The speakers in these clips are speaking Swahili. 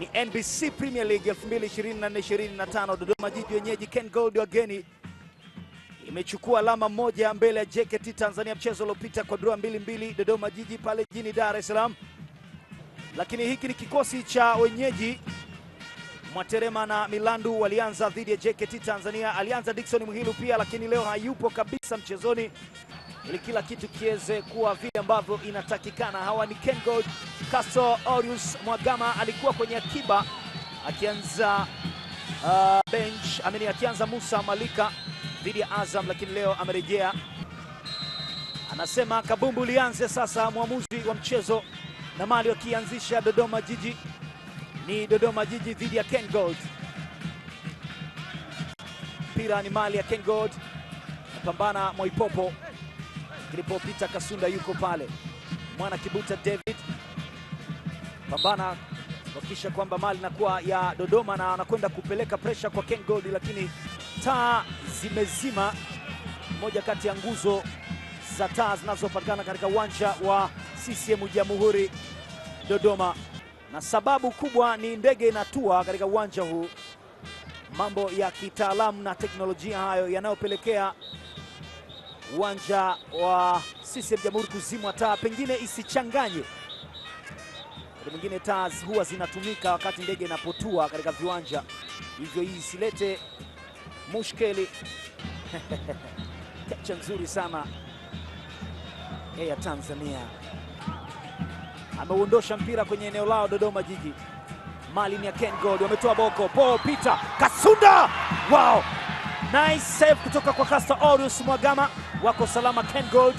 ni NBC Premier League 2024-2025. Dodoma Jiji wenyeji, Ken Gold wageni, imechukua alama moja mbele ya JKT Tanzania, mchezo uliopita kwa draw mbili mbili, Dodoma Jiji pale jini Dar es Salaam. Lakini hiki ni kikosi cha wenyeji. Mwaterema na Milandu walianza dhidi ya JKT Tanzania, alianza Dickson Muhilu pia, lakini leo hayupo kabisa mchezoni ili kila kitu kiweze kuwa vile ambavyo inatakikana. Hawa ni Kengo Castle, Orius Mwagama alikuwa kwenye akiba akianza uh, bench amini, akianza Musa Malika dhidi ya Azam, lakini leo amerejea. Anasema kabumbu lianze sasa. Mwamuzi wa mchezo na mali wakianzisha Dodoma Jiji ni Dodoma Jiji dhidi ya Ken Mpira ni mali ya Ken napambana Mwaipopo Peter Kasunda yuko pale, mwana Kibuta David pambana kuhakikisha kwamba mali inakuwa ya Dodoma na anakwenda kupeleka presha kwa Ken Gold, lakini taa zimezima. Moja kati ya nguzo za taa zinazopatikana katika uwanja wa CCM Jamhuri Dodoma, na sababu kubwa ni ndege inatua katika uwanja huu, mambo ya kitaalamu na teknolojia hayo yanayopelekea uwanja wa CCM Jamhuri kuzimwa taa, pengine isichanganye. Wakati mwingine taa huwa zinatumika wakati ndege inapotua katika viwanja hivyo, hii isilete mushkeli. Kecha nzuri sana ya Tanzania, ameuondosha mpira kwenye eneo lao. Dodoma Jiji, malini ya Ken Gold wametoa boko po Peter Kasunda, wow Nice save kutoka kwa Caster Orius Mwagama, wako salama Ken Gold.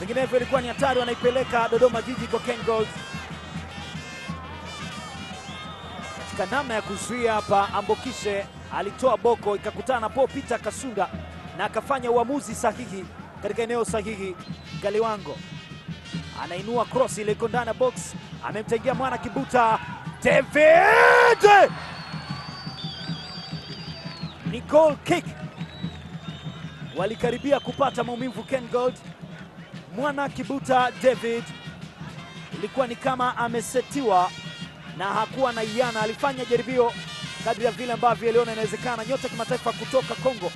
Vinginevyo ilikuwa ni hatari, wanaipeleka Dodoma Jiji kwa Ken Gold katika namna ya kuzuia hapa. Ambokishe alitoa boko ikakutana na Paul Peter Kasunda na akafanya uamuzi sahihi katika eneo sahihi. Galiwango anainua cross ile iko ndani ya box, amemtengia mwana Kibuta David ni goal kick. Walikaribia kupata maumivu Ken Gold. Mwana Kibuta David ilikuwa ni kama amesetiwa na hakuwa na iana, alifanya jaribio kadri ya vile ambavyo aliona inawezekana. Nyota kimataifa kutoka Kongo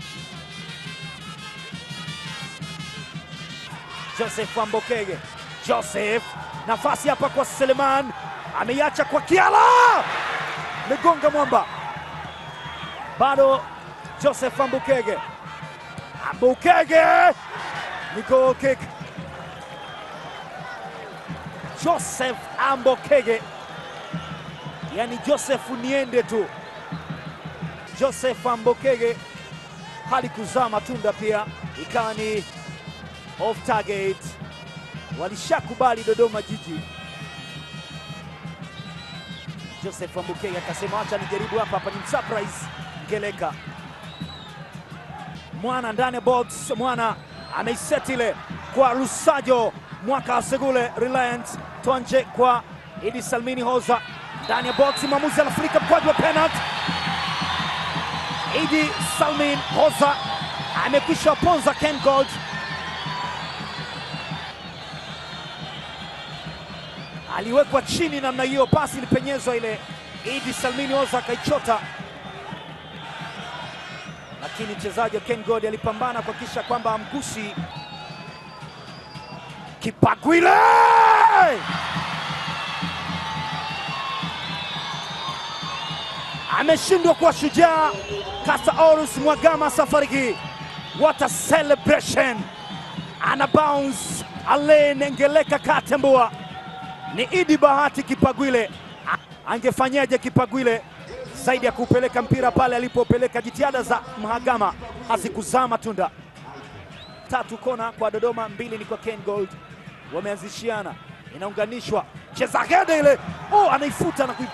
Joseph Wambokege. Joseph, nafasi hapa kwa Seleman, ameiacha kwa Kiala, megonga mwamba, bado Joseph Ambukege. Ambukege! Ni goal kick. Joseph Ambokege, yani Joseph niende tu. Joseph Ambokege kuzaa matunda, pia ikawa ni off target. Walishakubali Dodoma Jiji. Joseph ambukege akasema acha nijaribu hapa hapa, ni surprise Ngeleka Mwana ndani ya box, Mwana ameiseti ile kwa Rusajo Mwaka asegule Reliant Tonje kwa Idi Salmini Hoza ndani ya box, mwamuzi anafurika mkwaju wa penalty. Idi Salmin Hoza amekwisha ponza Ken Gold, aliwekwa chini namna hiyo, pasi ilipenyezwa ile, Idi Salmini Hoza akaichota lakini mchezaji Ken Gold alipambana kuhakikisha kwamba amgusi Kipagwile. Ameshindwa kuwa shujaa. orus Mwagama safari hii, what a celebration! Ana bounce nengeleka katembua. Ni Idi Bahati Kipagwile, angefanyaje Kipagwile? zaidi ya kupeleka mpira pale alipopeleka. Jitihada za Mhagama hazikuzaa matunda. Tatu kona kwa Dodoma, mbili ni kwa Ken Gold. Wameanzishiana, inaunganishwa, cheza hede ile, oh, anaifuta na kui...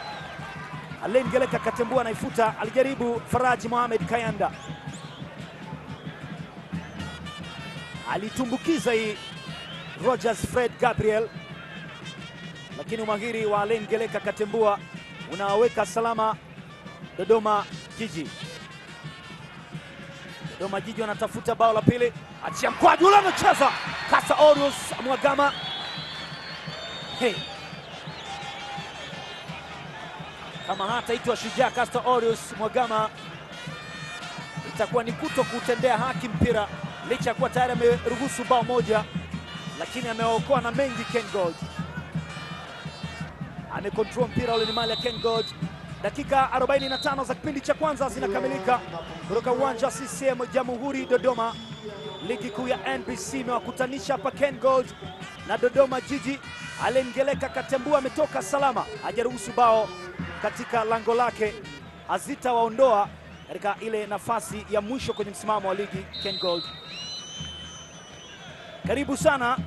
Alain Geleka katembua, anaifuta. Alijaribu Faraji Mohamed Kayanda, alitumbukiza hii Rogers Fred Gabriel, lakini umahiri wa Alain Geleka katembua unaweka salama Dodoma Jiji. Dodoma Jiji wanatafuta bao la pili, achia mkwaju ule anacheza Kasa Orioles Mwagama. Hey. Kama hataitwa shujaa Kasta Orius Mwagama itakuwa ni kuto kutendea haki mpira, licha ya kuwa tayari ameruhusu bao moja, lakini ameokoa na mengi. Ken Gold amekontrol mpira ule, ni mali ya Ken Gold Dakika 45 za kipindi cha kwanza zinakamilika kutoka uwanja wa CCM Jamhuri Dodoma. Ligi kuu ya NBC imewakutanisha hapa Ken Gold na Dodoma Jiji. Alengeleka Katembua ametoka salama, hajaruhusu bao katika lango lake, hazitawaondoa katika ile nafasi ya mwisho kwenye msimamo wa ligi. Ken Gold karibu sana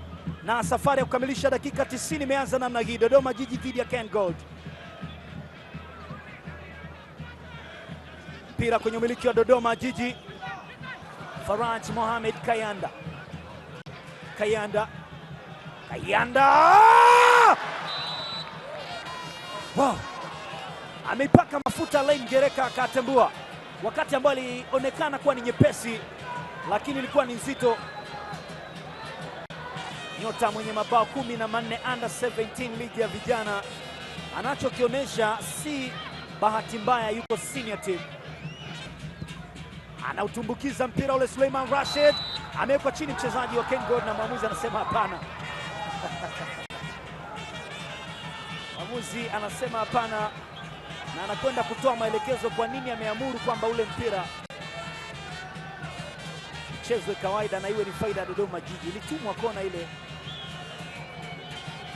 na safari ya kukamilisha dakika 90 imeanza namna hii, Dodoma Jiji dhidi ya Ken Gold. mpira kwenye umiliki wa Dodoma Jiji. Faraj Mohamed Kayanda, Kayanda, Kayanda! Wow. Ameipaka mafuta Lain Gereka akatembua, wakati ambao alionekana kuwa ni nyepesi, lakini ilikuwa ni nzito. Nyota mwenye mabao kumi na manne under 17 ligi ya vijana, anachokionyesha si bahati mbaya, yuko senior team anautumbukiza mpira ule. Suleiman Rashid amewekwa chini, mchezaji wa KenGold na mwamuzi anasema hapana. Mwamuzi anasema hapana, na anakwenda kutoa maelekezo kwa nini ameamuru kwamba ule mpira uchezwe kawaida na iwe ni faida ya Dodoma Jiji. Ilitumwa kona ile,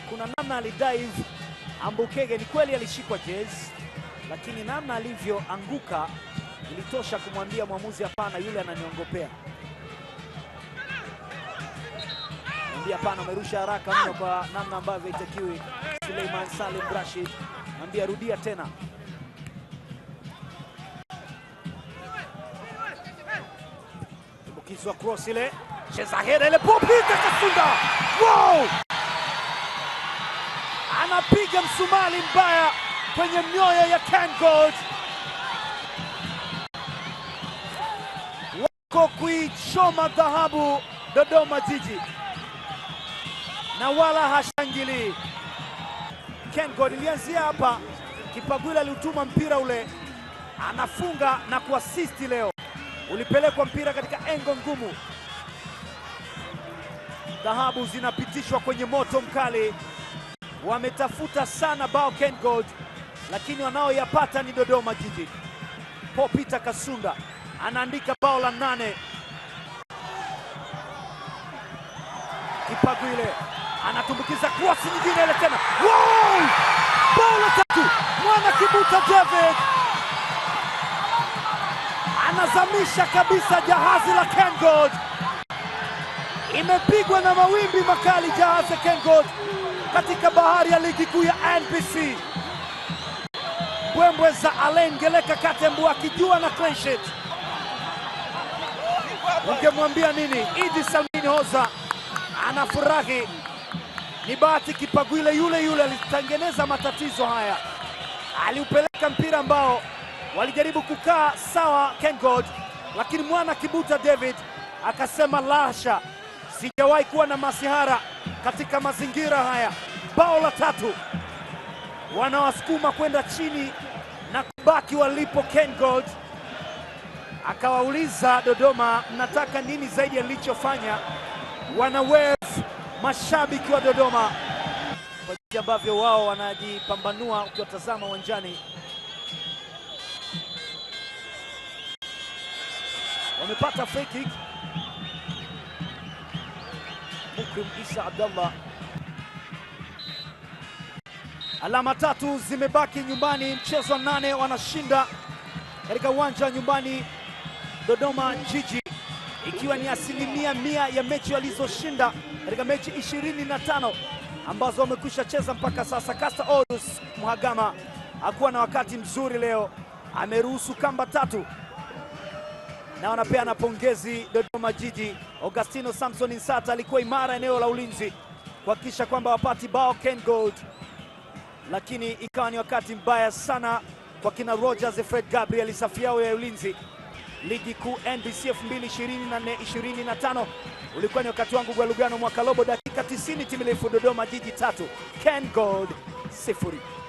kuna namna alidive Ambukege, ni kweli alishikwa jezi, lakini namna alivyoanguka ilitosha kumwambia mwamuzi hapana, yule ananiongopea, mwambia hapana, amerusha haraka mno kwa namna ambavyo haitakiwi. Suleiman Salim Rashid mwambia rudia tena Kizwa cross ile cheza hera ile popita Kasunda. Wow! Anapiga msumali mbaya kwenye mioyo ya Ken Gold. kwa kuichoma dhahabu Dodoma Jiji, na wala hashangilii. Ken God, ilianzia hapa, Kipagwile aliutuma mpira ule, anafunga na kuasisti. Leo ulipelekwa mpira katika engo ngumu, dhahabu zinapitishwa kwenye moto mkali. Wametafuta sana bao Ken lakini wanaoyapata ni Dodoma Jiji. Popita Kasunda anaandika bao la nane. Kipagwile anatumbukiza krosi nyingine ile tena, wow! bao la tatu. Mwana Kibuta David anazamisha kabisa jahazi la Kengod, imepigwa na mawimbi makali jahazi ya Kengod katika bahari ya ligi kuu ya NBC. Mbwembwe za alengeleka Katembu akijua na clean sheet. Ungemwambia nini? Idi salmini Hoza anafurahi. Ni bahati Kipagwile yule yule alitengeneza matatizo haya, aliupeleka mpira ambao walijaribu kukaa sawa Kengod, lakini mwana Kibuta David akasema lasha, sijawahi kuwa na masihara katika mazingira haya. Bao la tatu wanawasukuma kwenda chini na kubaki walipo Kengod akawauliza Dodoma, mnataka nini zaidi alichofanya nilichofanya? Wana mashabiki wa Dodoma kwa jinsi ambavyo wao wanajipambanua ukiwatazama uwanjani, wamepata free kick. Mukrim Isa Abdallah, alama tatu zimebaki nyumbani, mchezo wa nane wanashinda katika uwanja wa nyumbani Dodoma Jiji ikiwa ni asilimia mia ya mechi walizoshinda katika mechi 25 ambazo wamekwisha cheza mpaka sasa. Kasta Odus Mhagama hakuwa na wakati mzuri leo, ameruhusu kamba tatu na wanapeana pongezi Dodoma Jiji. Augustino Samson Insata alikuwa imara eneo la ulinzi kuhakikisha kwamba wapati bao Ken Gold, lakini ikawa ni wakati mbaya sana kwa kina Rogers Fred Gabriel, safu yao ya ulinzi ligi kuu NBC 2024 2025. Ulikuwa ni wakati wangu Gwalugano lobo dakika 90 timilifu, Dodoma Jiji tatu, Ken Gold sifuri.